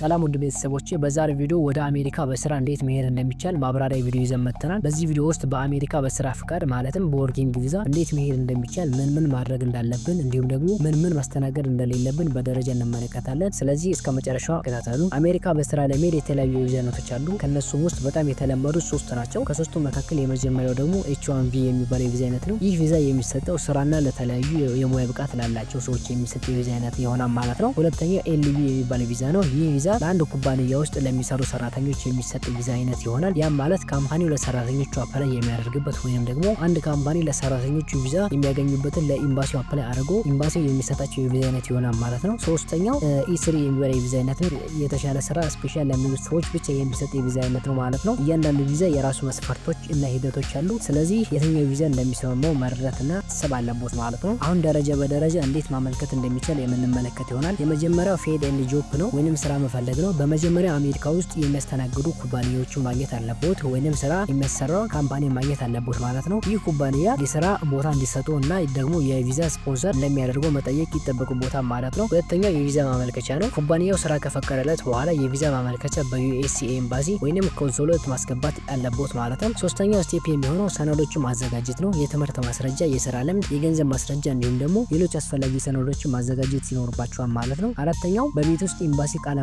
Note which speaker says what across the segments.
Speaker 1: ሰላም ውድ ቤተሰቦቼ፣ በዛሬ ቪዲዮ ወደ አሜሪካ በስራ እንዴት መሄድ እንደሚቻል ማብራሪያ ቪዲዮ ይዘን መጥተናል። በዚህ ቪዲዮ ውስጥ በአሜሪካ በስራ ፍቃድ ማለትም በወርኪንግ ቪዛ እንዴት መሄድ እንደሚቻል፣ ምን ምን ማድረግ እንዳለብን እንዲሁም ደግሞ ምን ምን ማስተናገድ እንደሌለብን በደረጃ እንመለከታለን። ስለዚህ እስከ መጨረሻው ተከታተሉ። አሜሪካ በስራ ለመሄድ የተለያዩ የቪዛ አይነቶች አሉ። ከእነሱም ውስጥ በጣም የተለመዱ ሶስት ናቸው። ከሶስቱ መካከል የመጀመሪያው ደግሞ ኤች ዋን ቪ የሚባለው የቪዛ አይነት ነው። ይህ ቪዛ የሚሰጠው ስራና ለተለያዩ የሙያ ብቃት ላላቸው ሰዎች የሚሰጥ የቪዛ አይነት ይሆናል ማለት ነው። ሁለተኛው ኤልቪ የሚባለው ቪዛ ነው። ይህ ቪዛ በአንድ ኩባንያ ውስጥ ለሚሰሩ ሰራተኞች የሚሰጥ ቪዛ አይነት ይሆናል። ያም ማለት ካምፓኒው ለሰራተኞቹ አፕላይ የሚያደርግበት ወይም ደግሞ አንድ ካምፓኒ ለሰራተኞቹ ቪዛ የሚያገኙበትን ለኢምባሲው አፕላይ አድርጎ ኤምባሲው የሚሰጣቸው የቪዛ አይነት ይሆናል ማለት ነው። ሶስተኛው ኢስሪ የሚበላ የቪዛ አይነት ነው። የተሻለ ስራ ስፔሻል ለሚሉት ሰዎች ብቻ የሚሰጥ የቪዛ አይነት ነው ማለት ነው። እያንዳንዱ ቪዛ የራሱ መስፈርቶች እና ሂደቶች አሉ። ስለዚህ የትኛው ቪዛ እንደሚስማማው መረዳትና ስብ አለቦት ማለት ነው። አሁን ደረጃ በደረጃ እንዴት ማመልከት እንደሚቻል የምንመለከት ይሆናል። የመጀመሪያው ፌድ ኤንድ ጆፕ ነው ወይም ስራ ከፈለግ ነው በመጀመሪያ አሜሪካ ውስጥ የሚያስተናግዱ ኩባንያዎችን ማግኘት አለቦት ወይንም ስራ የሚያሰራው ካምፓኒ ማግኘት አለቦት ማለት ነው። ይህ ኩባንያ የስራ ቦታ እንዲሰጡ እና ደግሞ የቪዛ ስፖንሰር እንደሚያደርገው መጠየቅ ይጠበቁ ቦታ ማለት ነው። ሁለተኛው የቪዛ ማመልከቻ ነው። ኩባንያው ስራ ከፈቀደለት በኋላ የቪዛ ማመልከቻ በዩኤስሲኤ ኤምባሲ ወይንም ኮንሶሎት ማስገባት አለቦት ማለት ነው። ሶስተኛው ስቴፕ የሚሆነው ሰነዶቹ ማዘጋጀት ነው። የትምህርት ማስረጃ፣ የስራ ልምድ፣ የገንዘብ ማስረጃ እንዲሁም ደግሞ ሌሎች አስፈላጊ ሰነዶችን ማዘጋጀት ይኖርባቸዋል ማለት ነው። አራተኛው በቤት ውስጥ ኤምባሲ ቃለ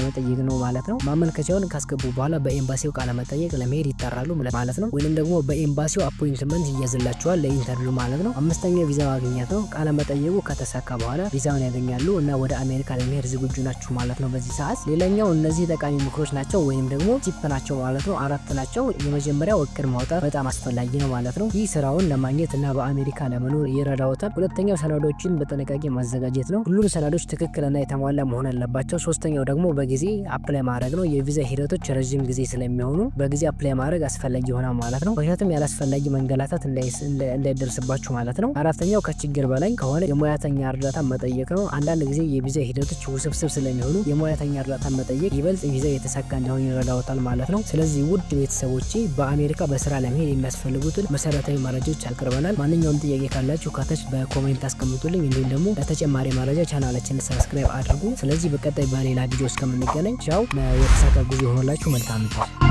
Speaker 1: ነው ማለት ነው። ማመልከቻውን ካስገቡ በኋላ በኤምባሲው ቃለመጠየቅ ለመሄድ ይጠራሉ ማለት ነው። ወይንም ደግሞ በኤምባሲው አፖይንትመንት ይያዝላቸዋል ለኢንተርቪው ማለት ነው። አምስተኛ ቪዛ ማግኘት ነው። ቃለመጠየቁ ከተሳካ በኋላ ቪዛውን ያገኛሉ እና ወደ አሜሪካ ለመሄድ ዝግጁ ናችሁ ማለት ነው። በዚህ ሰዓት ሌላኛው እነዚህ ጠቃሚ ምክሮች ናቸው ወይም ደግሞ ቲፕ ናቸው ማለት ነው። አራት ናቸው። የመጀመሪያው እቅድ ማውጣት በጣም አስፈላጊ ነው ማለት ነው። ይህ ስራውን ለማግኘት እና በአሜሪካ ለመኖር ይረዳውታል። ሁለተኛው ሰነዶችን በጥንቃቄ ማዘጋጀት ነው። ሁሉም ሰነዶች ትክክልና የተሟላ መሆን አለባቸው። ሶስተኛው ደግሞ በጊዜ ጊዜ አፕላይ ማድረግ ነው። የቪዛ ሂደቶች ረዥም ጊዜ ስለሚሆኑ በጊዜ አፕላይ ማድረግ አስፈላጊ ይሆናል ማለት ነው። ምክንያቱም ያላስፈላጊ መንገላታት እንዳይደርስባችሁ ማለት ነው። አራተኛው ከችግር በላይ ከሆነ የሙያተኛ እርዳታ መጠየቅ ነው። አንዳንድ ጊዜ የቪዛ ሂደቶች ውስብስብ ስለሚሆኑ የሙያተኛ እርዳታ መጠየቅ ይበልጥ ቪዛ የተሳካ እንዲሆን ይረዳውታል ማለት ነው። ስለዚህ ውድ ቤተሰቦች በአሜሪካ በስራ ለመሄድ የሚያስፈልጉትን መሰረታዊ መረጃዎች አቅርበናል። ማንኛውም ጥያቄ ካላችሁ ከታች በኮሜንት አስቀምጡልኝ። እንዲሁም ደግሞ ለተጨማሪ መረጃ ቻናላችንን ሰብስክራይብ አድርጉ። ስለዚህ በቀጣይ በሌላ ቪዲዮ እስከምንገ እስከምንገናኝ ቻው። የተሳካ ጉዞ የሆነላችሁ መልካም ነው።